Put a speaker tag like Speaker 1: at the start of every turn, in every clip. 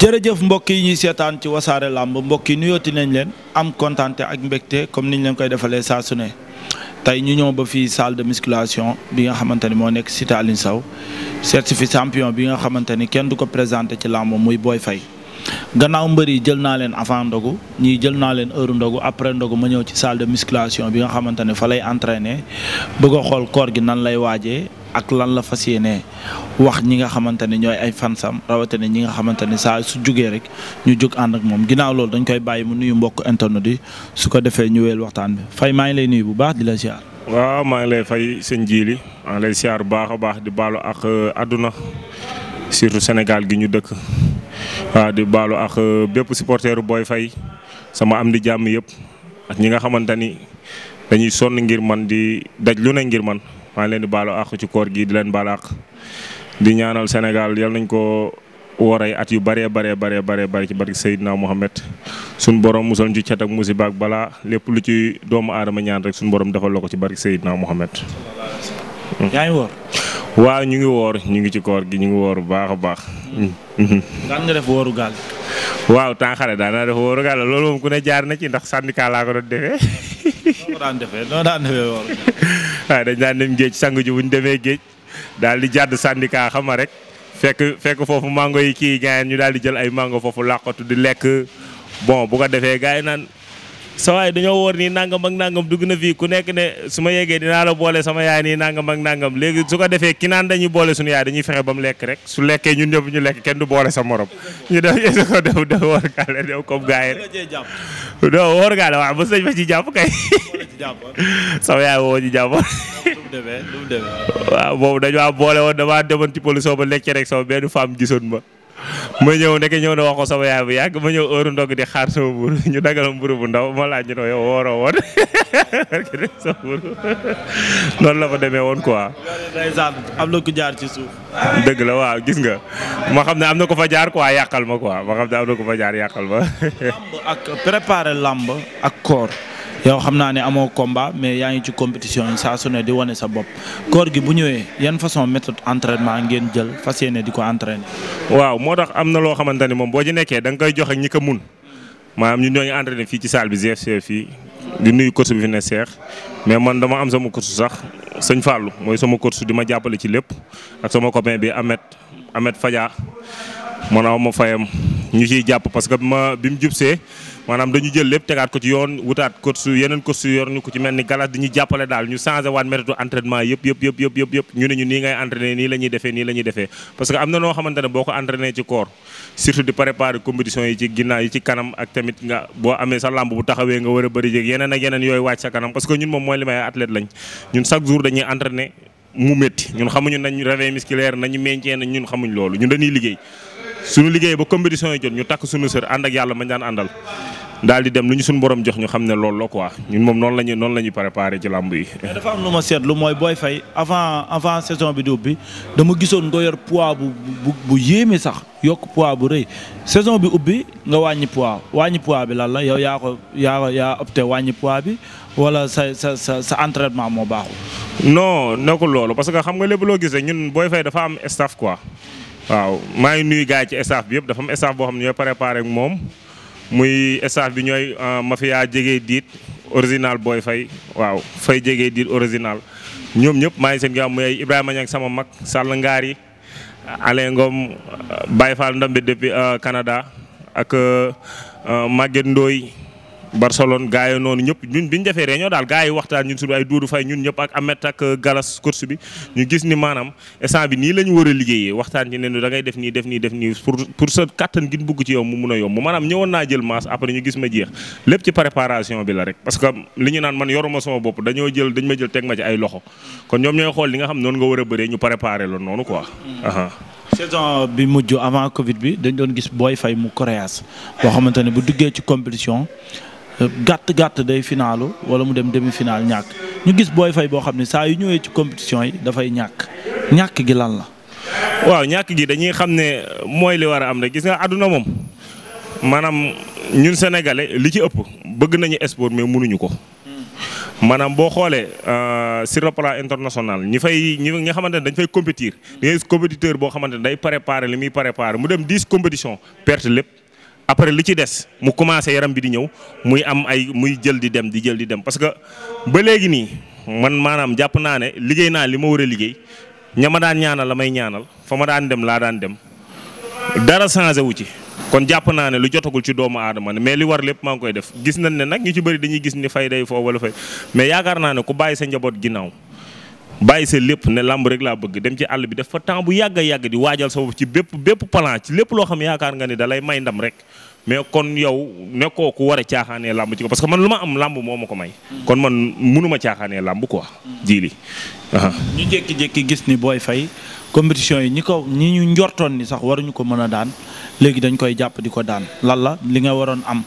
Speaker 1: jërëjëf mbokk yi ñuy seetaan ci wasaare làmb mbokk yi nuyooti nañ leen am kontaan ak mbégte comme niñ leen koy defalee saasune tey ñu ñëw ba fii salle de musculation bi nga xamante ni moo nekk cité Aline Sow certifié champion bi nga xamante ni kenn du ko présenté ci làmb muy booy Faye gannaaw mbër yi jël naa leen avant ndogu ñii jël naa leen heure ndogu après ndogu ma ñëw ci salle de musculation bi nga xamante ne fa lay entraîner bëgg a xool koor gi nan lay waajee ak lan la fas yéenee wax ñi nga xamante ne ñooy ay fan fansam rawatina ñi nga xamante ne saa su jugee rek ñu jóg ànd ak moom ginnaaw loolu dañ koy bàyyi mu nuyu mbokk internet yi su ko defee ñu wéyal waxtaan bi fay maa ngi lay nuyu bu baax di la ziar.
Speaker 2: waaw maa ngi lay fay sëñ jiili maa ngi lay ziar bu baax a baax di baalo ak euh, àdduna surtout Sénégal gi ñu dëkk waaw di baalu ak euh, bépp supporteru booy fay sama am di jàmm yëpp ak ñi nga xamante ni dañuy sonn ngir man di daj ngir man. maa ngi leen di baalu ci koor gi di leen baalu àq di ñaanal senegal yal nañ ko woor at yu bare bare baree baree bëri ci barke na Mohamed suñ borom musal ñu ci cat ak musiba ak balaa lépp lu ci doomu aadama ñaan rek suñu borom defal la ko ci barke Seydina Mohamed. Hmm. yaa ngi waaw ñu ngi woor ñu ngi ci koor gi ñu ngi woor bu baax a baax. daan nga def wooru gaal. waaw temps daan naa def wooru gaal loolu moom ku ne jaar na ci ndax syndicat laa defee. daan defee noo daan defee woon. waaw da daan dem géej sang ji bu ñu demee géej daal di jàdd syndicat xam nga rek fekk fekk foofu mango yi kii gaayen ñu daal di jël ay mango foofu làqatu di lekk bon bu defee gars yi naan sa waay dañoo wóor nii nangam ak nangam dugg na fii ku nekk ne su ma yeggee dinaa la boole sama yaay nii nangam ak nangam léegi su ko defee ki naan dañuy boole suñu yaay dañuy fexe ba mu lekk rek su lekkee ñun bu ñu lekk kenn du boole sa morom ñu da su ko def def wóor gaale def comme gars yi rek ba sëñ ci jàpp kay sama yaay woo ci jàpp waaw boobu dañu maa boole woon damaa demoon ba lekkee rek sama benn femme gisoon ma ma ñëw nekk ñëw na wax ko sama yaay bu yàgg ma ñëw heure ndog di xaar sama mburu ñu dagal mburu bu ndaw ma laaj ñu ne yow wooroo woon sa mburu la fa demee woon quoi.
Speaker 1: ndeysaan am na ku jaar ci suuf.
Speaker 2: dëgg la waaw gis nga ma xam ne am na ko fa jaar quoi yàqal ma quoi ma xam na ko fa jaar yàqal ma.
Speaker 1: ak préparer lamb
Speaker 2: ak koor. yow xam naa ne amoo combat mais yaa ngi ci
Speaker 1: compétition yi saa su ne di wane sa bopp koor gi bu ñëwee yan façon méthode entraînement ngeen jël fas
Speaker 2: yéene di ko entraîner. waaw moo tax am na loo xamante ni moom boo ci nekkee danga nga koy jox ñi ko mun maanaam ñun ñoo ngi entraîner fii ci salle bi fii di nuyu coach bi fi ne mais man dama am sama coach sax sañ Fallou mooy sama coach di ma jàppale ci lépp ak sama copain bi Ahmed Ahmed Fadia man na ma fayam ñu ci jàpp parce que bi ma bi mu jubsee maanaam dañu jël lépp tegaat ko ci yoon wutaat coach yeneen coach yor ñu ko ci mel ni galas di ñu jàppale daal ñu changé waat méthode entraînement yëpp yëpp yëpp ñu ne ñu nii ngay entraîné nii la defee nii la defee parce que am na noo xamante boo ko entraîné ci corps surtout di préparer compétition yi ci ginnaaw yi ci kanam ak tamit nga boo amee sa lamb bu taxawee nga war a bëri yeneen ak yeneen yooyu wàcc sa kanam parce que ñun moom mooy li may daal di dem lu ñu suñu boroom jox ñu xam ne loolu la quoi ñun moom noonu la ñuy noonu la ñuy préparé ci làmb yi. mais
Speaker 1: dafa am lu ma seetlu mooy booy fay avant avant saison bi di ubbi dama gisoon nga yor poids bu bu bu sax yokk poids bu rëy saison bi ubbi nga wàññi poids wàññi poids bi lan la yow yaa ko yaa ko yaa opté wàññi poids bi wala sa sa sa sa entraînement
Speaker 2: moo baaxul. non nekkul loolu parce que xam nga lépp loo gis ñun booy fay dafa am staff quoi waaw maa ngi nuyu gars yi ci staff bi yëpp dafa am staff boo xam ne ñooy préparé ak moom. muy staff bi ñooy euh, mafia jege diit original booy fay waaw fay jege diit original ñoom ñëpp maa ngi seen gi am muy ay Ibrahima Niang sama mag Sall Ngaari Alain Ngom Baye Fall Ndambe depuis kanada euh, ak euh, Maguette ndooy Barcelone gars yi noonu ñëpp ñun bi ñu defee réunion daal gars yi waxtaan ñun suñu ay Doudou Faye ak Amet ak euh, Galas course bi ñu gis ni maanaam instant bi nii la ñu war a liggéeyee waxtaan ci ne da ngay def nii def nii def nii pour pour sa kattan gi bugg ci yow mu mun a yomb maanaam ñëwoon naa jël masse après ñu gis ma jeex lépp ci préparation bi la rek parce que li ñu naan man yoruma sama bopp dañoo jël dañ ma jël teg ma ci ay loxo kon ñoom ñooy xool li nga xam noonu nga war a bëree ñu préparé la noonu hmm.
Speaker 1: bi mujj avant Covid bi dañ doon gis Boy Faye mu koréas boo xamante ne bu duggee ci compétition gàtt gàtt day finaalu wala mu dem demi final ñàkk ñu gis
Speaker 2: Boy Faye boo xam ne saa yu ñëwee ci compétition yi dafay ñàkk ñàkk gi lan la. waaw ñàkk gi dañuy xam ne mooy li war a am rek gis nga àdduna moom maanaam ñun sénégalais li ci ëpp bëgg nañu sport mais mënuñu ko. maanaam boo xoolee euh, sur le plan international ñi fay ñi nga xamante ne dañ fay compétir. da ngay compétiteur boo xamante ne day préparer li muy préparer mu dem dix compétition perte lépp. après lu ci des mu commencé yaram bi di ñëw muy am ay muy jël di dem di jël di dem parce que ba léegi nii man maanaam jàpp naa ne liggéey naa li ma war a liggéey ñama ma daan ñaanal la may ñaanal fa ma daan dem laa daan dem dara changé wu ci. kon jàpp naa ne lu jotagul ci doomu aadama ne mais li war lépp maa ngi koy def gis nañ ne nag ñu ci bëri dañuy gis ni fay day foofu wala fay mais yaakaar naa ne ku bàyyi sa njaboot ginnaaw. bàyyi sa lépp ne làmb rek laa bëgg dem ci àll bi def fa temps bu yàgg yàgg di waajal sa bopp ci bépp bépp plan ci lépp loo xam yaakaar nga ni da may ndam rek mais kon yow nekkoo ku war a caaxaanee làmb ci ko parce que man lu ma am làmb moo ma ko may. kon man mënuma caaxaanee làmb quoi. ji li ñu jékki-jékki gis ni booy Faye compétition yi ñi ko ñi
Speaker 1: ñu njortoon ni sax waruñu ko mën a daan léegi dañ koy jàpp di ko daan lan la li nga waroon am.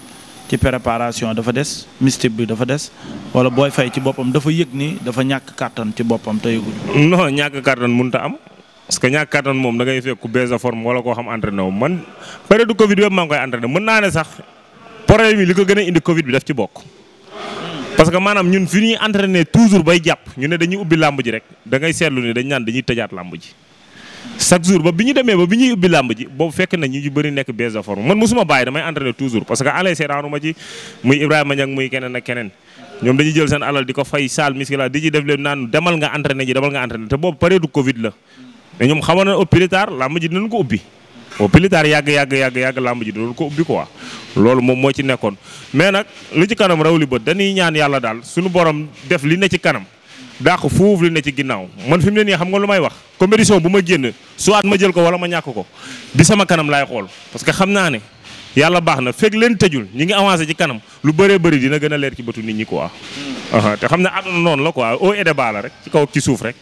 Speaker 1: ci préparation dafa des mystique bi dafa des wala booy fay ci boppam dafa yëg nii dafa
Speaker 2: ñàkk kàttan ci boppam te yëguñu. non ñàkk kàttan mënut a am parce que ñàkk kàttan moom da ngay fekk ku bees a forme wala koo xam entraîné wu man période du Covid bi maa koy entraîné mën naa ne sax problème yi li ko gën a indi Covid bi daf ci bokk. parce que maanaam ñun fi ñuy entraîné toujours bay jàpp ñu ne dañuy ubbi làmb ji rek da ngay seetlu ni dañ ñaan dañuy tëjaat làmb ji. chaque jour ba bi ñu demee ba bi ñuy ubbi làmb ji boobu fekk na ñu ñu bëri nekk baisse de forme man mosuma bàyyi damay entraîner toujours parce que alay seetaanu ma ci muy Ibrahima Niang muy keneen ak keneen ñoom dañuy jël alal di ko fay saal miskila di ci def leen naan demal nga entraîner ji demal nga entraîner te boobu période Covid la mais ñoom xamoon na au plus ko ubbi yàgg yàgg yàgg yàgg làmb ji ko ubbi loolu moom moo ci nekkoon mais nag lu ci kanam raw li bët dañuy ñaan yàlla daal suñu borom def li ne ci kanam dàq fuuf li ne ci ginnaaw man fi mu ne nii xam nga lu may wax compétition bu ma génn soit ma jël ko wala ma ñàkk ko di sama kanam laay xool parce que xam naa ne yàlla baax na fekk leen tëjul ñi ngi avancé ci kanam lu bëree bëri dina gën a leer ci bëtu nit ñi quoi. te xam ne àdduna noonu la quoi au rek ci ci suuf rek.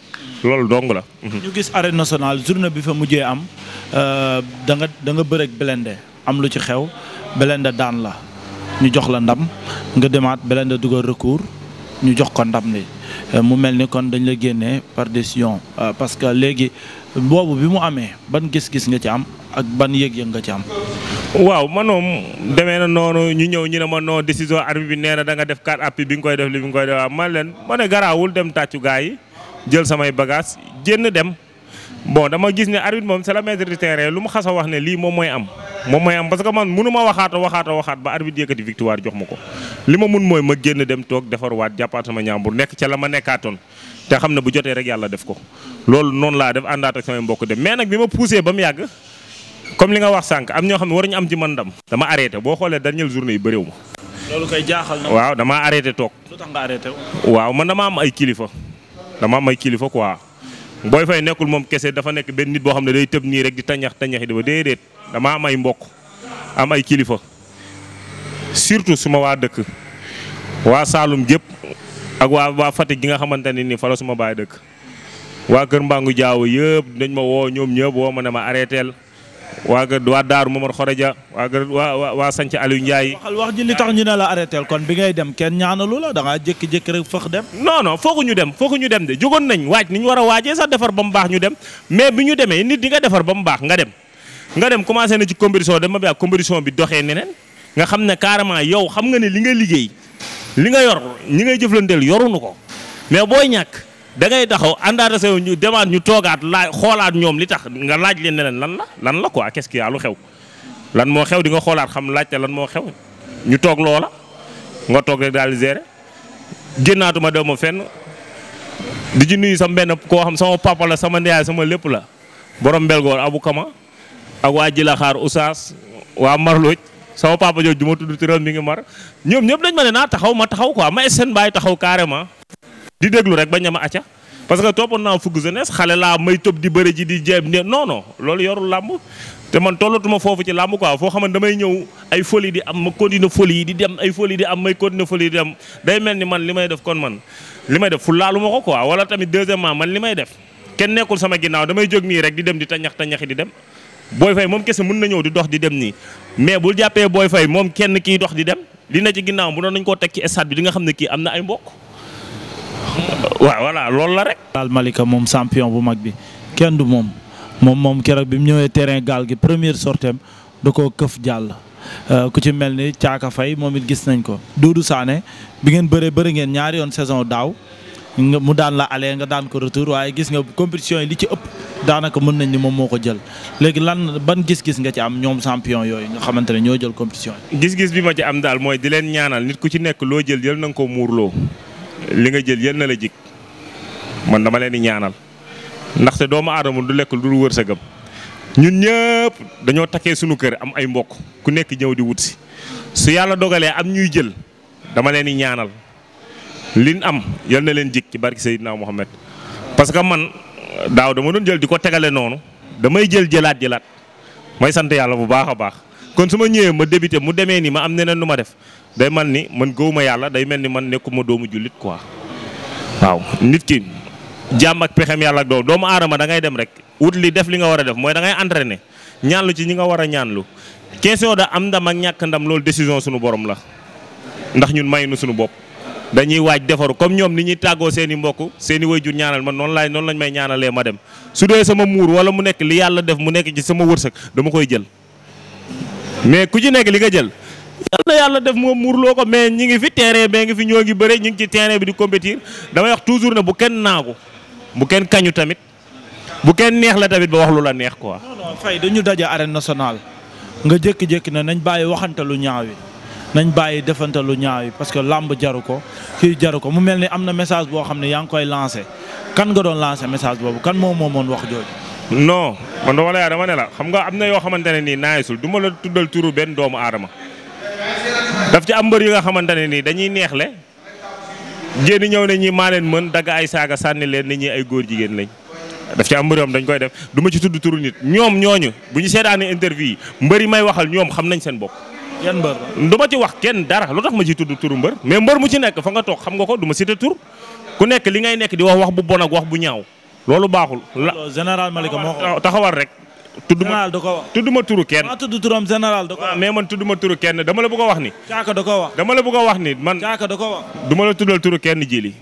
Speaker 2: loolu dong la. Mhm.
Speaker 1: ñu gis arène nationale journée bi fa mujjee am euh, da nga da nga bëreeg Blindé am lu ci xew Blindé daan la ñu jox la ndam nga demaat Blindé dugal recours. ñu jox ko ndam li euh, mu mel ni kon dañ la génne par décision euh, parce que léegi boobu bi mu amee ban
Speaker 2: gis-gis nga ci am ak ban yëg-yëg nga ci am. waaw man moom demee na noonu ñu ñëw ñu ne ma non décision arbitre bi nee da nga def quatre appuis bi nga koy def li bi nga koy def waaw man leen ma ne garaawul dem tàccu gaa yi jël samay bagage génn dem bon dama gis ne arbitre moom c'est le maître lu mu xas a wax ne lii moom mooy am. moom mooy am parce que man mënu ma waxaata waxaata waxaat ba arbitre yëkkati victoire jox ma ko li ma mun mooy ma génn dem toog defarwaat jàppaat sama ñaambur nekk ca la ma nekkaatoon te xam ne bu jotee rek yàlla def ko loolu noonu laa def àndaat ak mbokk dem mais nag bi ma poussé ba mu yàgg comme li nga wax sànq am ñoo xam ne waruñu am ci man ndam dama arrêté boo xoolee dernière journée yi bëriwu ma
Speaker 1: loolu koy jaaxal na waaw dama arrêté
Speaker 2: toog lu tax waaw man dama am ay kilifa dama am ay kilifa quoi booy fay nekkul moom kese dafa nekk benn nit boo xam ne day tëb nii rek di tañax tañax di ba déedéet dama am ay mbokk am ay kilifa surtout suma waa dëkk waa Saalum gépp ak waa waa Fatick gi nga xamante ne nii fa suma baa dëkk waa Kër Mbangu Jaaw yëpp dañ ma woo ñoom ñëpp woo ma ne ma arrêteel waa ga waa Daaru Momar Xoreja waa ga waa waa Sanc Aliou Ndiaye. waxal wax ji li tax ñu na la arrêté kon bi ngay dem kenn ñaanalu la da ngaa jékki-jékki rek fëx dem. non non foogu ñu dem foogu ñu dem de jógoon nañ waaj ni ñu war a waajee sax defar ba mu baax ñu dem mais bi ñu demee nit di nga defar ba mu baax nga dem. nga dem commencé na ci compétition ma bi ak compétition bi doxee neneen nga xam ne carrément yow xam nga ne li nga liggéey li nga yor ñi ngay jëflanteel yoruñu ko mais booy ñàkk. da ngay taxaw àndaata sa ñu demaat ñu toogaat laaj xoolaat ñoom li tax nga laaj leen ne leen lan la lan la ko qu'est-ce qu'il a lu xew lan moo xew di nga xoolaat xam laaj laajte lan moo xew ñu toog loola nga toog rek daal di gérer de dem fenn di ci nuyu sama benn koo xam sama papa la sama ndeyaay sama lépp la borom mbelgoor abu kama ak waa xaar usaas waa marlooj sama papa jooju ju ma tudd turam mi ngi mar ñoom ñëpp dañ ma ne naa taxaw ma taxaw quoi ma seen bàyyi taxaw carrément di déglu rek ba ñama acca parce que toppoon naa fukk jeunesse xale laa may tëb di bëri ji di jéem ne non loolu yorul làmb te man tollatuma foofu ci làmb quoi foo xam ne damay ñëw ay folie di am ma continuer folie yi di dem ay folie di am may continuer folie di dem day mel ni man li may def kon man li may def fu laalu ma ko quoi wala tamit deuxièmement man li may def kenn nekkul sama ginnaaw damay jóg nii rek di dem di tañax tañaxi di dem booy fay moom kese mën na ñëw di dox di dem nii mais bul jàppee booy fay moom kenn kiy dox di dem li na ci ginnaaw bu doon nañ koo teg ci stade bi di xam ne kii am na ay mbokk
Speaker 1: waaw voilà loolu la rek. daal Malika moom champion bu mag bi kenn du moom moom moom keroog bi mu ñëwee terrain gaal gi première sortem da koo këf jàll. Euh, ku ci mel ni caaka Faye moom it gis nañ ko Doudou Sané bi ngeen bëree bëri ngeen ñaari yoon saison daaw nga mu daan la aller nga daan ko retour waaye gis nga compétition yi li ci ëpp daanaka mën nañ ni moom moo ko jël
Speaker 2: léegi lan ban gis-gis nga ci am ñoom champion yooyu nga xamante ne ñoo jël compétition yi. gis-gis bi ma ci am daal mooy di leen ñaanal nit ku ci nekk loo jël jël na nga ko muurloo. li nga jël yal na la jik man dama leen di ñaanal ndaxte doomu aadama du lekk lu dul wërsëgam ñun ñëpp dañoo takkee suñu kër am ay mbokk ku nekk ñëw di wut si su yàlla dogalee am ñuy jël dama leen di ñaanal liin am yal na leen jik ci barki Seydina Mohamed parce que man daaw dama doon jël di ko tegale noonu damay jël jëlaat jëlaat may sant yàlla bu baax a baax kon su ma ñëwee ma débuté mu demee nii ma am neneen nu ma def day mel ni man gëwuma yàlla day mel ni man nekkuma doomu jullit quoi waaw nit ki jàmm ak pexem yàlla ak doomu doomu aadama da ngay dem rek wut li def li nga war a def mooy dangay ngay entraîné ñaanlu ci ñi nga war a ñaanlu question da am ndam ak ñàkk ndam loolu décision suñu borom la ndax ñun may nu suñu bopp dañuy waaj defaru comme ñoom ni ñuy tàggoo seeni i mbokk seen i wayjur ñaanal man noonu laay noonu lañ may ñaanalee ma dem su dee sama muur wala mu nekk li yàlla def mu nekk ci sama wërsëg dama koy jël yal na yàlla def moom muurloo ko mais ñi ngi fi terrain bee ngi fi ñoo ngi bëre ñi ngi ci terrain bi di compétir damay wax toujours ne bu kenn naagu bu kenn kañu tamit bu kenn neex la tamit ba la neex quoi. non
Speaker 1: dañu daje arène nationale nga jékki-jékki na nañ bàyyi waxantalu lu ñaaw yi nañ bàyyi defantalu lu yi parce que làmb jaru ko kii jaru ko mu mel ni am na message boo xam ne yaa ngi koy
Speaker 2: lancé kan nga doon lancé message boobu kan moo moomoon wax jooju. non man dama la yaa dama ne la xam nga am na yoo xamante ne nii naayisul du ma la tuddal turu benn doomu aadama. daf ci am mbër yi nga xamante ne nii dañuy neexle jénn ñëw ne ñi maa leen mën dagg ay saaga sànni leen ne ñi ay góor jigéen lañ daf ci am mbër dañ koy def du ci tudd turu nit ñoom ñooñu bu ñu seetaanee interview yi mbër yi may waxal ñoom xam nañ seen bopp. yan mbër du ma ci wax kenn dara lu tax ma ci tudd turu mbër mais mbër mu ci nekk fa nga toog xam nga ko du ma cité tur ku nekk li ngay nekk di wax wax bu bon ak wax bu ñaaw loolu baaxul. général Malika moo taxawal rek. tudd ma général ko wax tudd turu kenn. maa tudd turam général da ko wax. mais man tudd ma turu kenn dama la bëgg a wax ni. caaka da ko wax dama la bëgg a wax ni man. caaka da ko wax. ma la tuddal turu kenn jili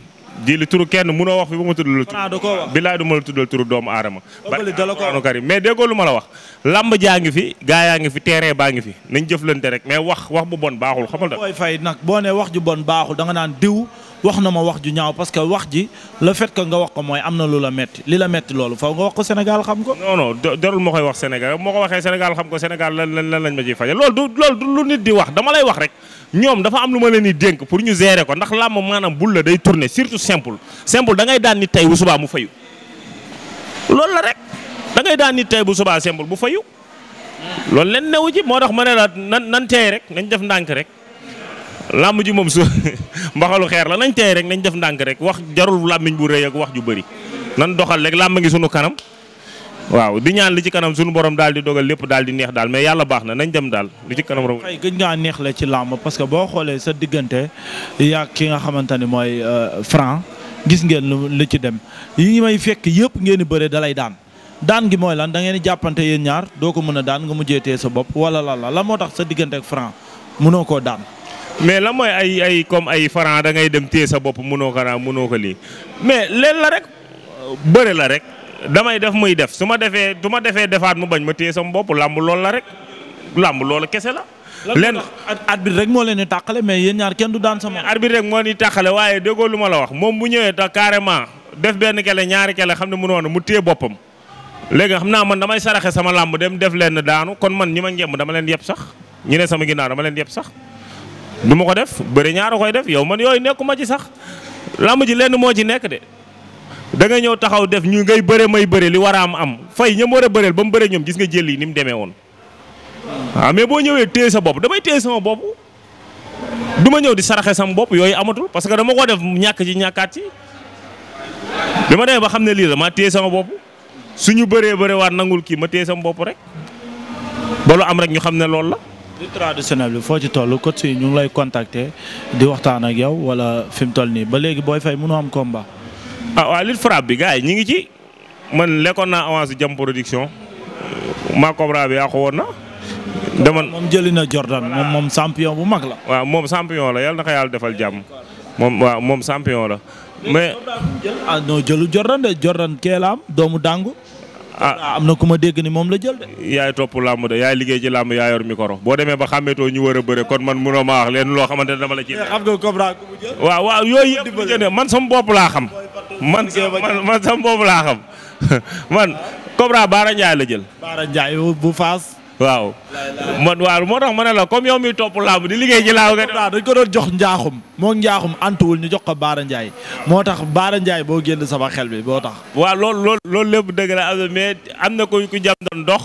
Speaker 2: jili turu kenn munoo wax fi ba ma tuddal. Franc da ko wax bilaay du ma la tuddal turu doomu aadama. ëppali da la ko wax mais déggoo ma la wax. làmb jaa ngi fi gaa yaa ngi fi terrain baa ngi fi nañ jëflante rek mais wax wax bu bon baaxul xamal da booy fay nag boo ne wax ju bon baaxul da nga naan diw wax na ma wax ju ñaaw parce que wax ji le fet que nga wax ko mooy am na lu la metti li la metti loolu faw nga wax ko Sénégal xam ko non non jarul ma koy wax Sénégal moo ko waxee Sénégal xam ko Sénégal lan lan lañ ma ciy faje lool du loolu du lu nit di wax dama lay wax rek ñoom dafa am lu ma leen di dénk pour ñu gérer ko ndax làmb maanaam bul la day tourner surtout simple simple dangay ngay daan nit tey bu subaa mu fayu da ngay daan nit tey bu subaa sembul bu fayu loolu leen newu ci moo tax ma ne la nan nan teey rek nañ def ndànk rek làmb ji moom su mbaxalu xeer la nañ teey rek nañ def ndànk rek wax jarul làmmiñ bu rëy ak wax ju bëri nan doxal rek làmb ngi sunu kanam waaw di ñaan li ci kanam sunu borom daal di dogal lépp daal di neex daal mais yàlla baax na nañ dem daal li ci kanam rom xëy
Speaker 1: neex la ci làmb parce que boo xoolee sa diggante yaa ki nga xamante ni mooy euh, franc gis ngeen lu ci dem y may fekk yëpp ngeen di bëre dalay daan daan gi mooy lan dangeen di jàppante yéen
Speaker 2: ñaar doo ko mën a daan nga mujjeetee sa bopp wala la la la moo tax sa diggante ak Franc mënoo koo daan. mais la mooy ay ay comme ay Franc da ngay dem téye sa bopp mënoo ko daan mënoo ko lii mais leen la rek bëre la rek damay def muy def su ma defee su ma defee defaat mu bañ ma téye sama bopp làmb lool la rek làmb loolu kese la. lenn arbitre rek moo leen di tàqale mais yéen ñaar kenn du daan sama. arbitre rek moo ni tàqale waaye déggoo lu ma la wax moom bu ñëwee ta carrément def benn kele ñaari kele xam ne mënoon mu téye boppam. léegi xam naa man damay saraxe sama làmb dem def leen daanu kon man ñi ma ngemb dama leen yeb sax ñu ne sama ginnaaw dama leen yeb sax du ma ko def bëri ñaara koy def yow man yooyu nekkuma ci sax làmb ji lenn moo ci nekk de da nga ñëw taxaw def ñu ngay bëre may bëre li war a am am fay ñam war a ba mu bëre ñoom gis nga jël yi ni mu demee woon waaw ah, mais boo ñëwee téye sa bopp damay téye sama bopp du ma ñëw di saraxe sama bopp yooyu amatul parce que dama ko def ñàkk ci ñàkkaat ci bi ma demee ba xam ne lii la maa sama bopp su ñu bëree bëree waat nangul kii ma téye sama bopp rek ba am rek ñu xam ne lool la.
Speaker 1: li traditionnel bi foo ci toll coach yi ñu ngi lay
Speaker 2: contacter di
Speaker 1: waxtaan ak yow wala fi mu toll nii ba léegi Boy Faye mënoo am combat.
Speaker 2: ah bi gars yi ñu ngi ci man lekkoon naa avance jam production maa Cobra bi yàqu na. dama moom jëli na Jordan moom moom champion bu mag la. waaw moom champion la yàlla na ko yàlla defal jàmm moom waaw moom champion la. mais ah non jëlu Jordan de Jordan kee la am doomu dàngu. a ah. ah, am na ku ma dégg ni moom la jël de. yaay topp làmb de yaay liggéey ci làmb yaa yor micro boo demee ba xàmmeetoo ñu war a bëre kon man munoo maa wax leen loo xamante ne dama la ci. xam nga Cobra ku mu jël. waaw waaw man sama bopp laa xam. man man sama bopp laa xam man Cobra Baara Ndiaye la jël. bu Faas. waaw. man waaw moo tax ma ne la comme yow mi topp làmb di liggéey ci laaw
Speaker 1: nga. dañ ko doon jox njaaxum moo njaaxum antuwul ñu jox ko Baara njaay moo tax Baara njaay boo
Speaker 2: génn sama xel bi boo tax. waa lool loolu loolu lépp dëgg la am mais am na ko ku jàpp doon dox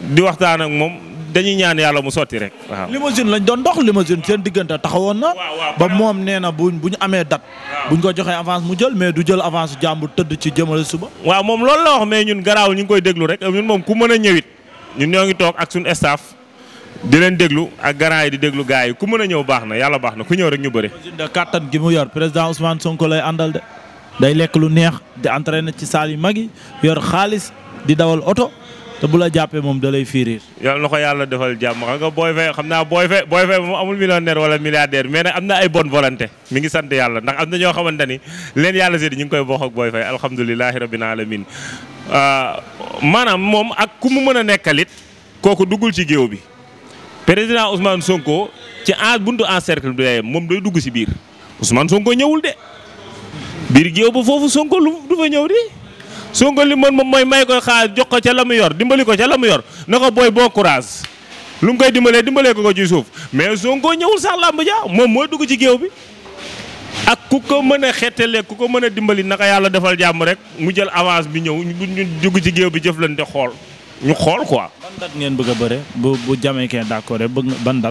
Speaker 2: di waxtaan ak moom. dañuy ñaan yàlla mu sotti rek waaw.
Speaker 1: limousine lañ doon dox limousine seen diggante taxawoon na. ba moom nee na buñ bu ñu amee date. buñ ko joxee avance mu jël mais du jël
Speaker 2: avance jàmbur tëdd ci jëmale suba. waaw moom lool la wax mais ñun garaaw ñu ngi koy déglu rek ñun moom ku mën a ñëwit ñu ñoo ngi toog ak suñu staff di leen déglu ak garant yi di déglu gars yi ku mën a ñëw baax na yàlla baax na ku ñëw rek ñu bëri.
Speaker 1: de kattan gi mu yor président Ousmane Sonko lay àndal de day lekk lu neex di entraîné ci saal yu mag yi yor xaalis di dawal oto. te bu la
Speaker 2: jàppee moom da lay firir. yal na ko yàlla defal jàmm xam nga booy fay xam naa booy fay booy fay moom amul millionnaire wala milliardaire mais am na ay bonne volonté mi ngi sant yàlla ndax am na ñoo xamante ni leen yàlla sédd ñu ngi koy bokk ak booy fay alhamdulilahi rabbil alamin euh, maanaam moom ak ku mu mën a nekkalit kooku duggul ci géew bi président Ousmane Sonko ci en buntu en cercle bi moom day dugg si biir Ousmane Sonko ñëwul de biir géew ba foofu Sonko Sonko li mën moom mooy may ko xaalis jox ko ca la mu yor dimbali ko ca la mu yor na ko booy bon courage lu mu koy dimbalee dimbalee ko ko ci mais mais Sonko ñëwul sax làmb ja moom mooy dugg ci géew bi ak ku ko mën a xettale ku ko mën a dimbali naka yàlla defal jàmm rek mu jël avance bi ñëw ñu dugg ci géew bi jëflante xool ñu xool quoi. ban ngeen bëgg a bëre bu bu jamee kee d'accord rek bëgg ban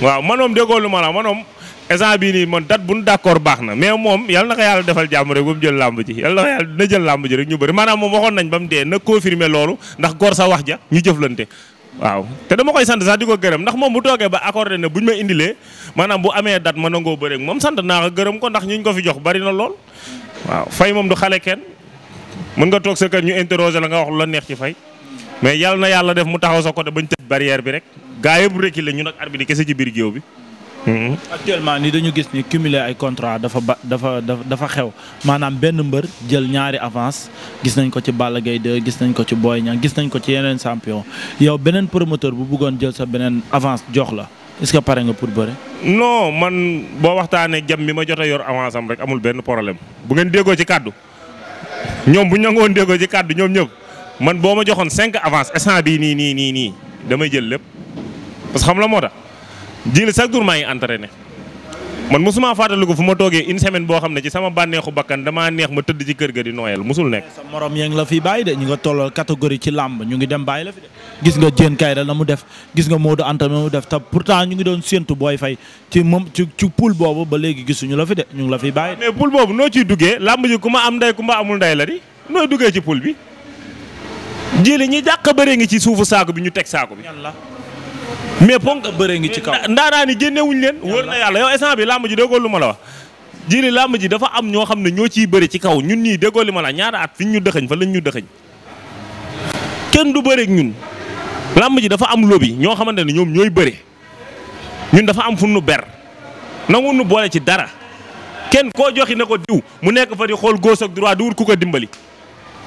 Speaker 2: waaw manoom déggoo lu ma la manoom instant bii nii man dat bu ñu d'accord baax na mais moom yal na ko yàlla defal jàmm rek ba mu jël làmb ji yal na ko yàlla na jël làmb ji rek ñu bëri maanaam ba mu dee na confirmer loolu ndax góor sa wax ja ñu jëflante. waaw te dama koy sant sax di ko gërëm ndax moom bu toogee ba accordé ne bu ñu indilee maanaam bu amee dat ma nangoo moom sant naa ko ko ndax ñu ko fi jox bari na lool. waaw fay moom du xale kenn mën nga toog sa kër ñu la nga wax la neex ci fay mais yal na yàlla def mu taxaw sa côté bañ tëj barrière bi rek gaa yëpp rekki la ñu nag arbitre kese ci biir géew bi actuellement ni dañu gis ni cumuler ay contrat dafa ba dafa dafa xew maanaam benn
Speaker 1: mbër jël ñaari avance gis nañ ko ci Balla Gaye 2 gis nañ ko ci booy Niang gis nañ ko ci yeneen sampion
Speaker 2: yow beneen promoteur bu bëggoon jël sa beneen avance jox la est-ce que pare nga pour bëre. non man boo waxtaanee jam bi ma jot a yor avance am rek amul benn problème bu ngeen déggoo ci kàddu ñoom bu ñu nangoon déggoo ci kàddu ñoom ñëpp man boo ma joxoon cinq avance instant bii nii nii nii nii damay jël lépp la moo jili chaque jour maa ngi entraîné man mosuma fàttaliku fu ma toogee une semaine boo xam ne ci sama bànneexu bakkan damaa neex ma tëdd ci kër ga di nooyal mosul nekk. sa morom yaa ngi la fi bàyyi de ñu nga tollal catégorie ci làmb ngi dem bàyyi
Speaker 1: la fi de nga Diène Kaïré mu def gis nga Modou Anta la mu def te pourtant ñu ngi doon séentu Boy Faye ci
Speaker 2: moom ci ci boobu ba léegi gisuñu la fi de ñu ngi la fi bàyyi. mais poule boobu noo ciy duggee ku ma am ndey ku amul ndey la di duggee ci poule bi jili ñi jàq bëre ngi ci suufu saako bi ñu teg saako bi. mais ponk bëre ngi ci kaw ndaanaa yi génnewuñ leen wóor na yàlla yow instant bi làmb ji déggoo lu ma la wax jili làmb ji dafa am ñoo xam ne ñoo ciy bëri ci kaw ñun nii déggoo li ma la ñaara at fi ñu dëxëñ fa lañ ñu dëxëñ kenn du bëreeg ñun làmb ji dafa am lobby ñoo xamante ne ñoom ñooy bëri ñun dafa am fu nu ber nangu nu boole ci dara kenn koo joxi ne ko diw mu nekk fa di xool góos ak di wut ku ko dimbali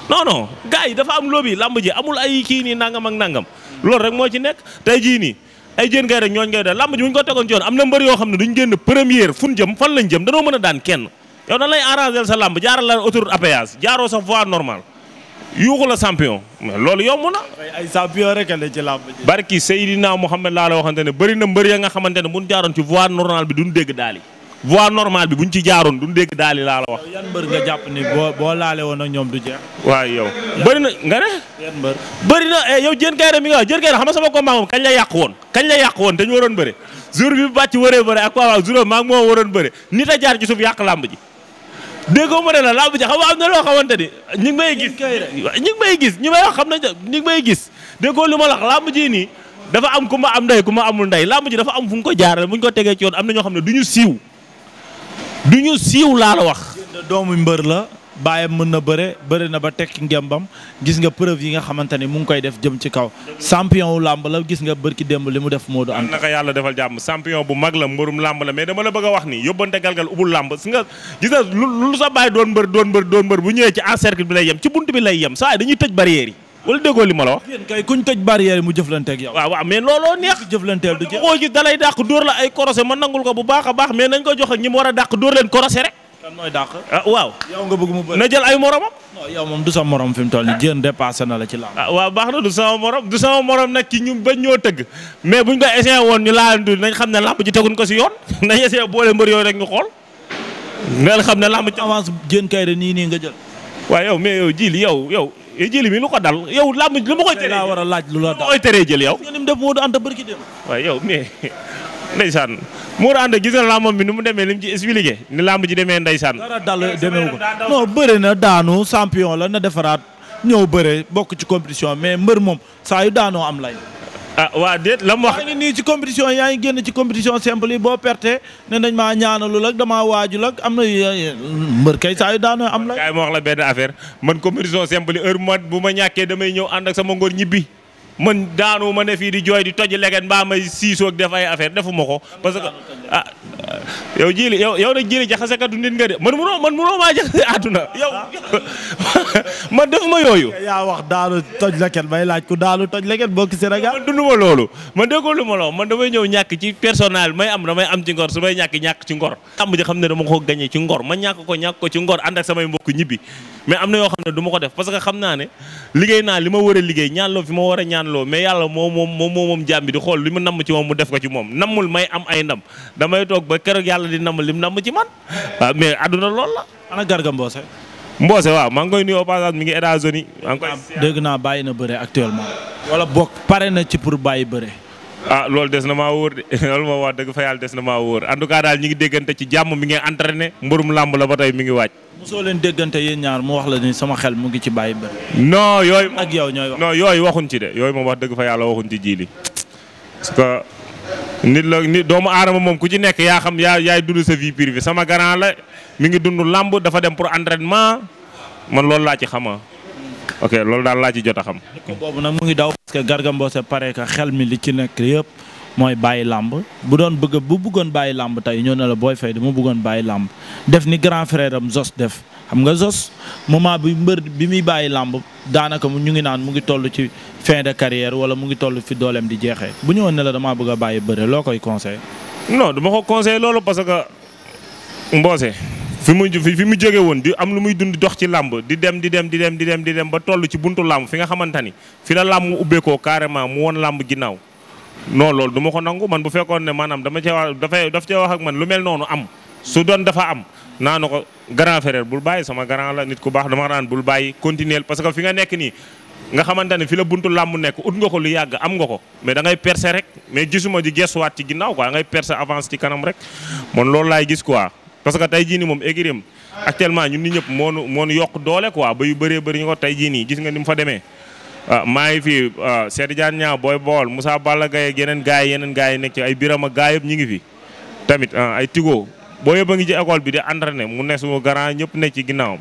Speaker 2: non non gars yi dafa am lobby làmb ji amul ay kii nii nangam ak nangam loolu rek moo ci nekk tey jii nii ay jën ngay rek ñooñ ngay da làmb ji bu ñu ko tegoon ci yoon am na mbër yoo xam ne duñ génn première fun jëm fan lañ jëm danoo mën a daan kenn yow dan lay arrangel sa làmb jaaral la autoroute à jaaroo sa voie normale yuuxu la champion loolu yomb na ay champion rek la ci làmb ji laa la waxante ne bari na mbër ya nga xamante ne buñ jaaroon ci voie normale bi duñ dégg daal yi voie normale bi bu ñu ci jaaroon duñ dégg daal di laa la wax. yan mbër jàpp ni boo boo laale woon ak ñoom du jeex. waaw yow bëri na nga ne. yan mbër bëri na eh, yow Diène Kaïré mi nga wax Diène Kaïré xam nga sama combat kañ la yàq woon kañ la yàq woon te ñu waroon bëre jour bi bàcc waree bëre ak waaw jour bi maa ngi moo waroon bëre nit a jaar ci suuf yàq làmb ji. déggoo ma ne la làmb ji xam nga am na loo xamante ni ñi ngi may gis ñi may gis ñi may xam nañ ñi ngi may gis déggoo li ma la wax làmb ji nii dafa am ku ma am ndey ku ma amul ndey làmb ji dafa am fu nga ko jaarale ko tegee ci yoon am na ñoo xam ne du ñu du ñu siiw laa wax.
Speaker 1: doomu mbër la bàyyam mën na bëre bëri na ba tekki ngembam gis nga preuve yi nga xamante ni mu ngi koy def jëm ci kaw.
Speaker 2: champion wu làmb la gis nga bërki démb li mu def moo du am. naka yàlla defal jàmm champion bu mag la mbërum làmb la mais dama la bëgg a wax ni yóbbante galgal ubul làmb si nga gis nga lu sa bàyyi doon mbër doon mbër doon mbër bu ñëwee ci encercle bi lay yem ci bunt bi lay yem saa yi dañuy tëj barrière yi. wala déggoo li ma la wax. yéen kay kuñ tëj barrière mu jëflanteeg yow. waaw waaw mais looloo neex. jëflanteel du jëf xoo ci dalay dàq dóor la ay korosé ma nangul ko bu baax a baax mais nañ ko jox ak ñi mu war a dàq dóor leen korosé rek. kan nooy dàq. ah waaw. yow nga bëgg mu bëri na jël ay moromam. non yow moom du sama morom fi mu toll nii ah. jéem dépassé na la ci làmb. ah waaw baax na du sama morom du sama morom nag ci ñu bañ ñoo tëgg mais buñ ko essayé woon ñu laalandu nañ xam ne làmb ji teguñ ko si yoon nañ essayé boole mbër yooyu rek ñu xool nañ xam ne làmb ji avance jën kay de nii nii nga jël. waaw yow mais yow ji li yow yow Eh, jëli mi lu ko dal yow làmb lu ma koy teree laa war a laaj lu la dal koy teree jël yow nim def moo du ànd bërki dem waaw yow mais ndeysaan moo du ànd gis na làmbam bi ni mu demee li mu ci expliqué ni lamb ji demee ndeysaan dara dal demeewu ko non bëri
Speaker 1: na daanu champion la na defaraat ñëw bëre bokk ci compétition mais mbër moom saa yu daanoo am lay ah waa déet la mu wax ngi nii ci compétition yaa ngi génn ci compétition simple yi boo perte
Speaker 2: ne nañ maa ñaanalul ak damaa waajul ak am na eh, eh, mbër kay saa yu daanoo am la kaay ma la benn affaire man compétition simple yi heure ma bu ma ñàkkee damay ñëw ànd ak sama ngóor ñibbi man daanu ma ne fii di jooy di toj legen mbaa may siisoo ak def ay affaire defuma ma ko parce que ah yow jili yow yow nag jili jaxasekatu nit nga de man munoo man munoo maa jaxase àdduna man def ma yooyu. yaa
Speaker 1: wax daanu toj leket bay laaj ku daanu toj leket
Speaker 2: bokk Sénégal. man dund ma loolu man déggoo lu ma loolu man damay ñëw ñàkk ci personnel may am damay am ci ngor su may ñàkk ñàkk ci ngor. xam nga xam ne dama ko ci ngor ma ñàkk ko ñàkk ko ci ngor ànd ak samay mbokk ñibbi mais am na yoo xam ne du ma ko def parce que xam naa ne liggéey naa li ma war a liggéey ñaanloo fi ma war a ñaanloo mais yàlla moo moom moom moom jaam bi di xool li mu nam ci moom mu def ko ci moom nammul may am ay ndam damay toog ba keroog yàlla di namm lim namm ci man waaw mais àdduna loolu la. ana Garga Mbossé. mboose waaw maa ngi koy nuyu au passage mi ngi États-Unis dégg naa bàyyi na bëre actuellement. wala boog pare na ci pour bàyyi bëre. ah loolu des na maa wóor de loolu moo wax dëgg fa yàlla des na maa wóor en tout cas daal ñi ngi déggante ci jàmm mi ngi entraîné mbërum làmb la ba tey mi ngi waaj. mosoo leen déggante yéen ñaar mu wax la ni sama xel mu ngi ci bàyyi bëri. non yooyu. ak yow ñooy wax yooyu waxuñ ci yooyu moom wax dëgg fa yàlla waxuñ ci jiili nit la nit doomu aadama moom ku ci nekk yaa xam yaa yaay dund sa vie privée sama garant la mi ngi dund làmb dafa dem pour entraînement man loolu laa ci xama ah. ok loolu daal laa ci jot a xam.
Speaker 1: boobu nag mu ngi daw parce que Garga Mbossé pare que xel mi li ci nekk yëpp mooy bàyyi làmb bu doon bëgg bu bëggoon bàyyi làmb tey ñoo ne la Boy Faye dama bëggoon bàyyi làmb def ni grand frère am Zos def. xam nga Zoss moment bi mbër bi muy bàyyi làmb daanaka ñu ngi naan mu ngi toll ci fin de carrière wala
Speaker 2: mu ngi toll fi dooleem di jeexee bu ñëwoon ne la damaa bëgg a bàyyi bëre loo koy conseillé. non du ma ko conseillé loolu parce que Mbossé fi muy fi mu jóge woon di am lu muy dund dox ci làmb di dem di dem di dem di dem di dem ba toll ci buntu làmb fi nga xamante ni fi la làmb ubbeekoo carrément mu woon làmb ginnaaw. non loolu du ma ko nangu man bu fekkoon ne maanaam dama cee da dafay daf cee ak man lu mel noonu am su dafa am naa na ko grand frère bul bàyyi sama grand la nit ku baax dama naan bul bàyyi continuer parce que fi nga nekk nii nga xamante ne fi la buntu làmb nekk ut nga ko lu yàgg am nga ko mais dangay ngay rek mais gisuma di gestuwaat ci ginnaaw quoi da ngay avance ci kanam rek man loolu laay gis quoi parce que tey ji ni moom égirim actuellement ñun ni ñëpp moonu moonu yokk doole quoi ba yu bëree bëri ñu ko tey jii nii gis nga ni mu fa demee ah, maa ngi fi ah, Seydou Diagne ñaa booy bool Moussa Balla Gaye ak yeneen gars yeneen gars yi nekk ci ay biram ak gars yëpp ñu ngi fi tamit ah, ay tigo boo yëpp a ngi ci école bi di entraîné mu ne suma garant ñëpp na ci ginnaawam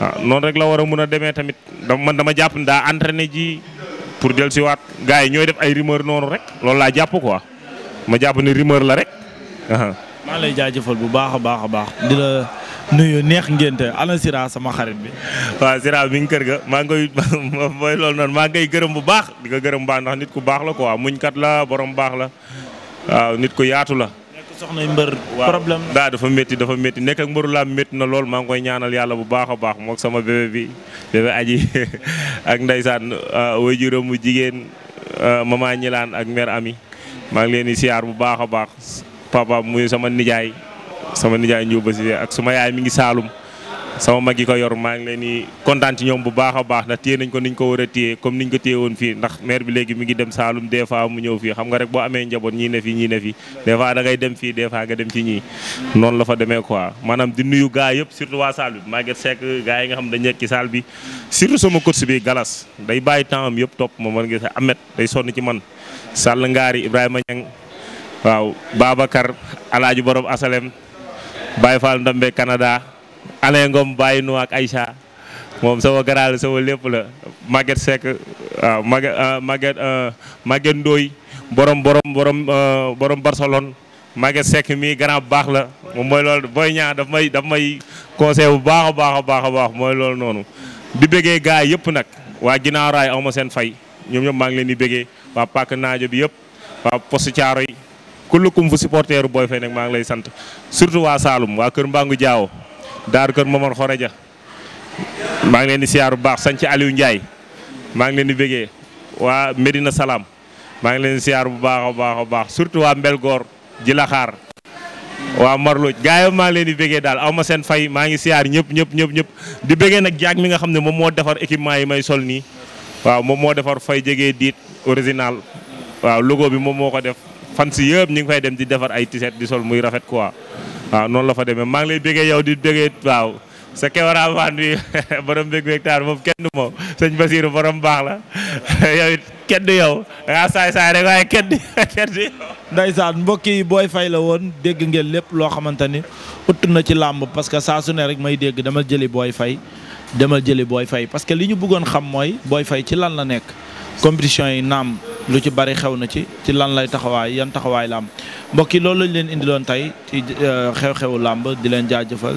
Speaker 2: waaw ah, noonu rek la war a mun a demee tamit dama man dama jàpp ne daa entraîné ji pour del siwaat gars yi ñooy def ay rumeur noonu rek loolu laa jàpp quoi ma jàpp ni rumeur la rek. maa lay jaajëfal bu baax a baax a baax di nuyu neex ngénte ana Sira sama xarit bi. waa Sira mi ngi kër ga maa ngi mooy loolu maa ngi gërëm bu baax di ko gërëm baax ndax nit ku baax la muñ kat la borom baax la waaw nit ku yaatu la. soxna mbër problème daa dafa métti dafa métti nekk ak mbëru laa métti na lool maa ngi koy ñaanal yàlla bu baax baax mook sama bébé bi bébé aji ak ndeysaan euh, wajuram mu jigéen euh, mama ñilaan ak mère ami maa ngi leen di siyaar bu baax a baax papa muy sama nijaay sama nijaay ñëw ba si ak yaay mi ngi saalum sama mag yi ko yor maa ngi leen di kontaan ci ñoom bu baax a baax ndax téye nañ ko niñ ko war a téye comme niñ ko téye woon fii ndax maire bi léegi mi ngi dem Saalum des fois mu ñëw fii xam la fa demee quoi maanaam di nuyu gars yëpp surtout waa salle bi Maguette Seck gars yi nga xam dañ nekk ci salle bi surtout sama coach bi Galas day bàyyi temps am yëpp ma man nga sax Ahmed day sonn ci man Sall Ngaari a Niang waaw Babacar Alaaji Borom Asalem Baye Fall Alain Ngom bàyyi nu ak Aïcha moom sama garaal sama lépp la Maguette Seck waaw Maguette euh, euh, Maguette Ndoye borom borom borom euh, borom Barcelone Maguette Seck mii grand bu baax la moom mooy loolu booy ñaa daf may daf may conseil bu baax a baax a baax a baax mooy loolu noonu. di bëggee gars yëpp nag waa ginnaaw raay aw ma seen fay ñoom ñëpp maa ngi leen di bëggee waa Pàcc naajo bi yëpp waa poste Thiaroye kullukum fu supporteeru booy fay nag maa ngi lay sant surtout waa Saloum waa Kër Mbangu Diawo. daaru kër Momar Xoreja maa ngi leen di siyaaru bu baax sanc Aliou njaay maa ngi leen di bégee waa Medina Salaam maa ngi leen di siyaar bu baax a baax a baax surtout waa Mbelgoor Jilaxaar waa Marlo gars yi maa leen di bégee daal aw ma seen fay maa ngi siyaar ñëpp ñëpp ñëp ñëpp di bégee na jaag mi nga xam ne moom moo defar équipement yi may sol nii waaw moom moo defar fay jege diit original waaw logo bi moom moo ko def fan si yëpp ñu ngi fay dem di defar ay t-shirt di sol muy rafet quoi waaw noonu la fa demee maa ngi lay bëggee yow di bëggee waaw sa kewara waan bi borom bëgg bëgg taar moom kenn du moom sëñ Basiirou borom baax la yow kenn du yow dangaa saay saay rek waaye kenn du kenn du mbokk yi booy fay la woon dégg ngeen
Speaker 1: lépp loo xamante ni ut na ci làmb parce que saa su ne rek may dégg dama jëli booy fay demal jëli booy fay parce que li ñu buggoon xam mooy booy fay ci lan la nekk lu ci bari xew na ci ci lan lay taxawaay yan taxawaay làmb mbokk yi loolu lañ leen indiloon tey ci euh, xew-xewu làmb di leen jaajëfal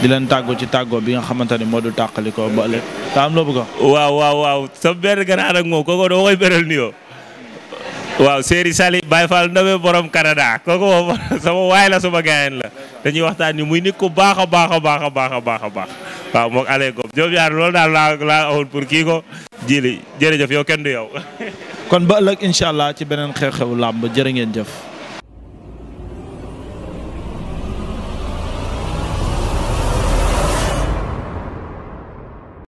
Speaker 1: di leen tàggoo ci tàggoo bi nga xamante ni moo du tàqalikoo ba ëllëg daa am loo bëgg
Speaker 2: waaw waaw waaw sa benn ganaar ak moom ko doo koy beral yoo waaw Serigne Sali Baye Fall Ndame borom Canada kooku moom sama waay la sama gaayen la dañuy waxtaan ni muy nit ko baax a baax a baax a baax a baax a baax waaw moog Allé Ngom ñoom ñaar loolu daal laa laa awoon pour kii ko jili jërëjëf yow kenn du yow. kon
Speaker 1: ba ëllëg incha allah ci beneen xew-xewu làmb jërë ngeen jëf.